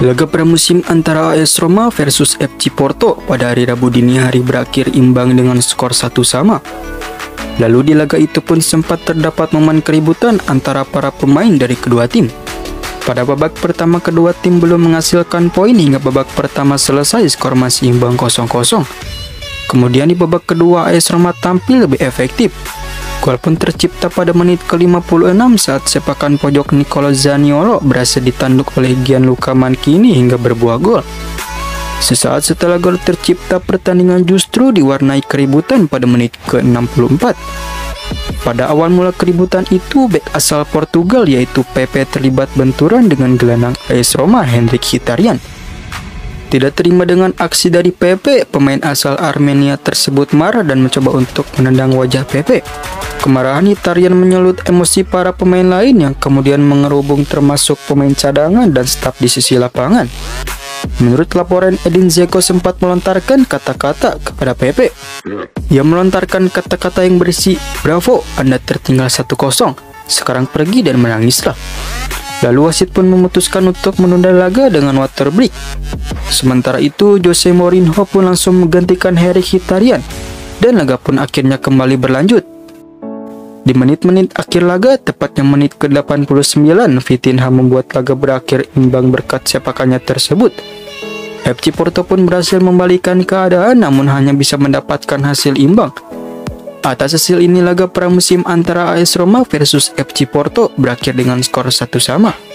Laga pramusim antara AS Roma versus FC Porto pada hari Rabu dini hari berakhir imbang dengan skor satu sama. Lalu di laga itu pun sempat terdapat momen keributan antara para pemain dari kedua tim. Pada babak pertama kedua tim belum menghasilkan poin hingga babak pertama selesai skor masih imbang 0-0. Kemudian di babak kedua AS Roma tampil lebih efektif Gol pun tercipta pada menit ke-56 saat sepakan pojok Nicolo Zaniolo berhasil ditanduk oleh Gianluca Mancini hingga berbuah gol. Sesaat setelah gol tercipta, pertandingan justru diwarnai keributan pada menit ke-64. Pada awal mula keributan itu, bek asal Portugal yaitu Pepe terlibat benturan dengan gelandang AS Roma Hendrik Hitarian. Tidak terima dengan aksi dari PP, pemain asal Armenia tersebut marah dan mencoba untuk menendang wajah PP. Kemarahan Hitarian menyulut emosi para pemain lain yang kemudian mengerubung termasuk pemain cadangan dan staf di sisi lapangan. Menurut laporan, Edin Zeko sempat melontarkan kata-kata kepada PP. Ia melontarkan kata-kata yang berisi, Bravo, Anda tertinggal 1-0, sekarang pergi dan menangislah. Lalu wasit pun memutuskan untuk menunda laga dengan water break. Sementara itu, Jose Mourinho pun langsung menggantikan Harry Hitarian dan laga pun akhirnya kembali berlanjut. Di menit-menit akhir laga, tepatnya menit ke-89, Vitinha membuat laga berakhir imbang berkat sepakannya tersebut. FC Porto pun berhasil membalikan keadaan namun hanya bisa mendapatkan hasil imbang Atas hasil ini laga pramusim antara AS Roma versus FC Porto berakhir dengan skor satu sama.